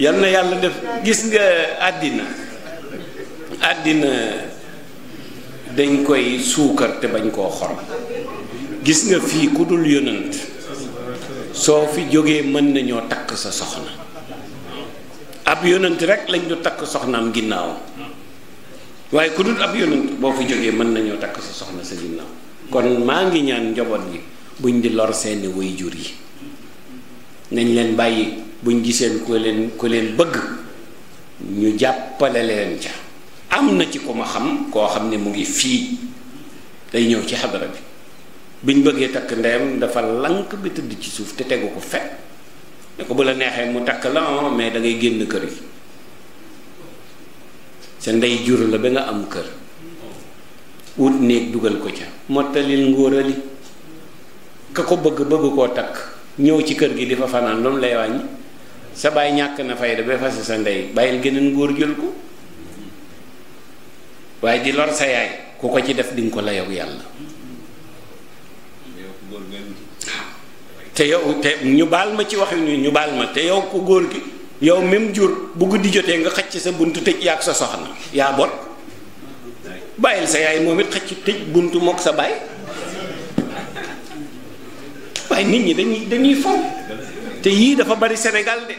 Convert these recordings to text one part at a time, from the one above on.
yan na yàlla def gis nga àddina àddina dañ koy suukar te bañ koo xorom gis nga fii ku dul yonant soo fi jógee mën nañoo takk sa soxna ab yonant rek lañ du takk soxnaam ginnaaw waaye ku dul ab yonant boo fi jógee mën nañoo takk sa soxna sa ginnaaw kon maa ngi ñaan njaboot yi buñ di lor seeni jur yi nañ leen bàyyi buñ giseen ko leen ko leen bëgg ñu jàppale leen ca am na ci ku ma xam koo xam ne mu ngi fii day ñëw ci xadara bi biñ bëggee takk ndeyam dafa lank bi tëdd ci suuf te tegu ko fet ne ko bu la neexee mu takk la ah, mais da ngay génn kër gi sa ndey jur la ba nga am kër wut néeg dugal ko ca mottalil ngóorali ka ko bëgg bëgg koo takk ñëw ci kër gi di fa fanaan loolu lay wàññi sa baay ñàkk na fayda ba fase sa ndey bàyyil geneen góor jël ko waaye di lor sa yaay ku ko ci def di nga ko layoog yàlla te yow te ñu baal ma ci wax ni ñu baal ma te yow ku góor gi yow même jur bu guddi jotee nga xëcc sa bunt tëj yaa ak sa soxna yaa bot bàyyil sa yaay moom it xëcc tëj buntu mook sa baay waaye nit ñi dañuy dañuy faw te yii dafa bari Sénégal de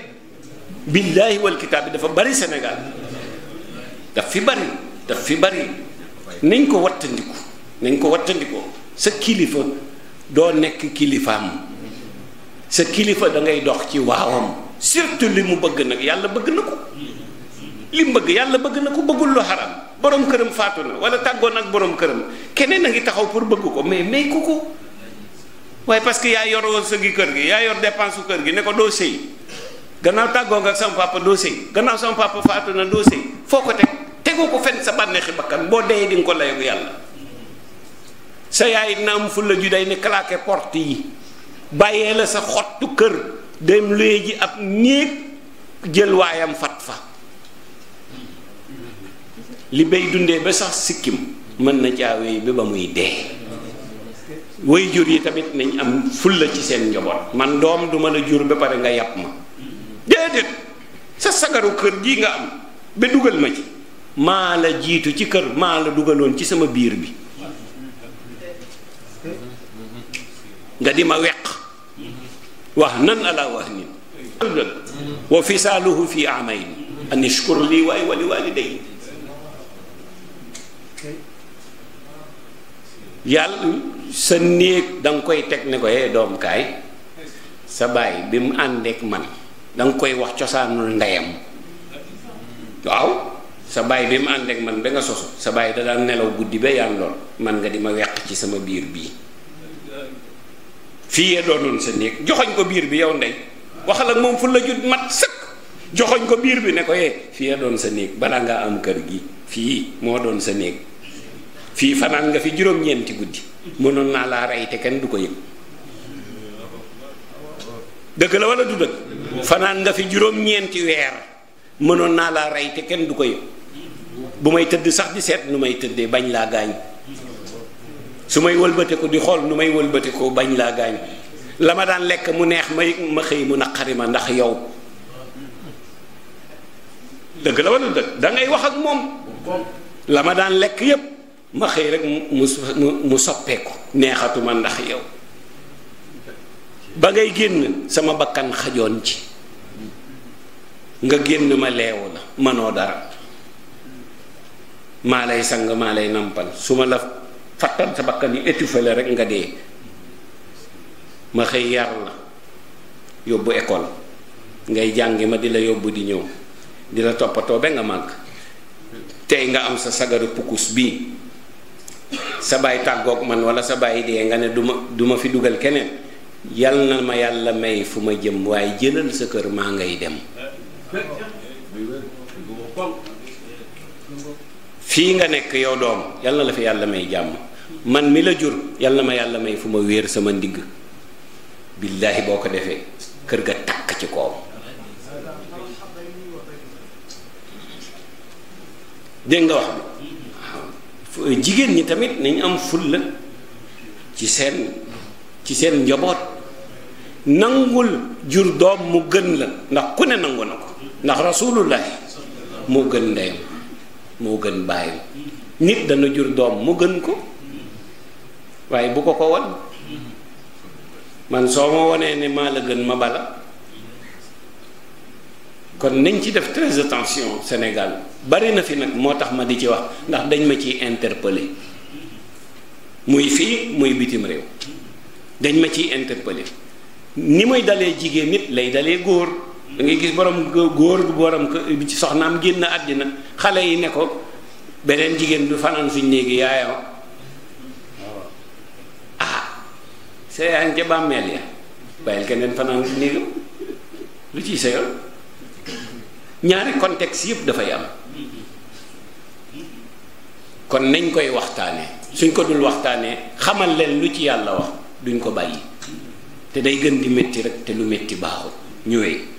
billaahi wal kitaab bi dafa bari Sénégal daf fi bari daf fi bari nañ ko wattandiku nañ ko wattandikoo sa kilifa doo nekk kilifaam sa kilifa da ngay dox ci waawam surtout li mu bëgg nag yàlla bëgg na ko li mu bëgg yàlla bëgg na ko bëggul lu xaram borom këram faatu na wala tàggoon ak borom këram keneen a ngi taxaw pour bëgg ko mais may ko ko waaye parce que yaa yor woon sëggi kër gi yaa yor dépense kër gi ne ko doo sëy gannaaw tàggoo nga ak sama papa doo sëy gannaaw sama papa faatu na doo sëy foo ko teg tegu ko fenn sa bànneexi bakkan boo dee di nga ko layoog yàlla sa yaay na am fulla ju day ne claqué porte yi bàyyee la sa xottu kër dem luye ji ab néeg jël waayam fat fa li bay dundee ba sax sikkim mën na caawee ba ba muy dee way jur yi tamit nañ am fulla ci seen njaboot man doom du mën a jur ba pare nga yàpp ma déedéet sa sagaru kër gi nga am ba dugal ma ci maa la jiitu ci kër maa la dugaloon ci sama biir bi nga di ma weq wax nan ala wax nin wa fisaaluhu fi amayn an ishkur lii waay wali waliday yàlla sa néeg danga koy teg ne ko yee doom sa baay bi mu àndeek man danga koy wax cosaanul ndeyam waaw sa baay bi mu àndeek man ba nga sosu sa baay da daal nelaw guddi ba yaan lool man nga di ma weq ci sama biir bi fii yee doonoon sa néeg joxoñ ko biir bi yow ndey waxal ak moom fu la jut mat sëkk joxoñ ko biir bi ne ko yee fii yee doon sa néeg balaa ngaa am kër gi fii moo doon sa néeg fii fanaan nga fi juróom-ñeenti guddi mënoon naa laa rey te kenn du ko yëg dëgg la wala du dëgg fanaan nga fi juróom-ñeenti weer mënoon naa laa rey te kenn du ko yëg bu may tëdd sax di seet nu may tëddee bañ laa gaañ su may wëlbate di xool nu may wëlbate bañ laa gaañ la ma daan lekk mu neex may ma xëy mu naqari ma ndax yow dëgg la wala dëgg da ngay wax ak moom la ma daan lekk yépp ma xëy rek mu mu mu soppeeku neexatuma ndax yow ba ngay génn sama bakkan xajoon ci nga génn ma leewu la manoo dara maa lay sang maa lay nampal su ma la fattal sa bakkan yi étouffé rekk nga dee ma xëy yar la yóbbu école ngay jàngi ma di la yóbbu di ñëw di la toppatoo ba nga màgg tey nga am sa sagaru pukkus bii sa baay tàggook man wala sa baay dee nga ne duma duma fi dugal keneen yal na ma yàlla may fu ma jëm waaye jëlal sa kër maa ngay dem fii nga nekk yow doom yal na la fi yàlla may jàmm man mi la jur yal ma yàlla may fu ma wéer sama ndigg billaahi boo ko defee kër ga takk ci koom dégg nga wax bi jigéen ñi tamit nañ am fulla ci seen ci seen njaboot nangul jur doom mu gën la ndax ku ne nangu na ko ndax rasulullahi moo gën ndeyam moo gën bàyyam nit dana jur doom mu gën ko waaye bu ko ko wan man soo ma wonee ne maa la gën ma bala kon nañ ci def très attention Sénégal bari na fi nag moo tax ma di ci wax ndax dañ ma ciy interpeller muy fii muy bitim réew dañ ma ciy interpeller ni muy dalee jigéen nit lay dalee góor da ngay gis borom góor bu borom ci soxnaam génn àddina xale yi ne ko beneen jigéen du fanaan suñ néegi yaayam ah sa yaa ca bàmmeel ya bàyyil keneen fanaan suñ néegam lu ciy sa yoon ñaari contexte yëpp dafay am kon nañ koy waxtaanee suñ ko dul waxtaanee xamal leen lu ci yàlla wax duñ ko bàyyi te day gën di métti rek te lu métti baaxul ñëwee.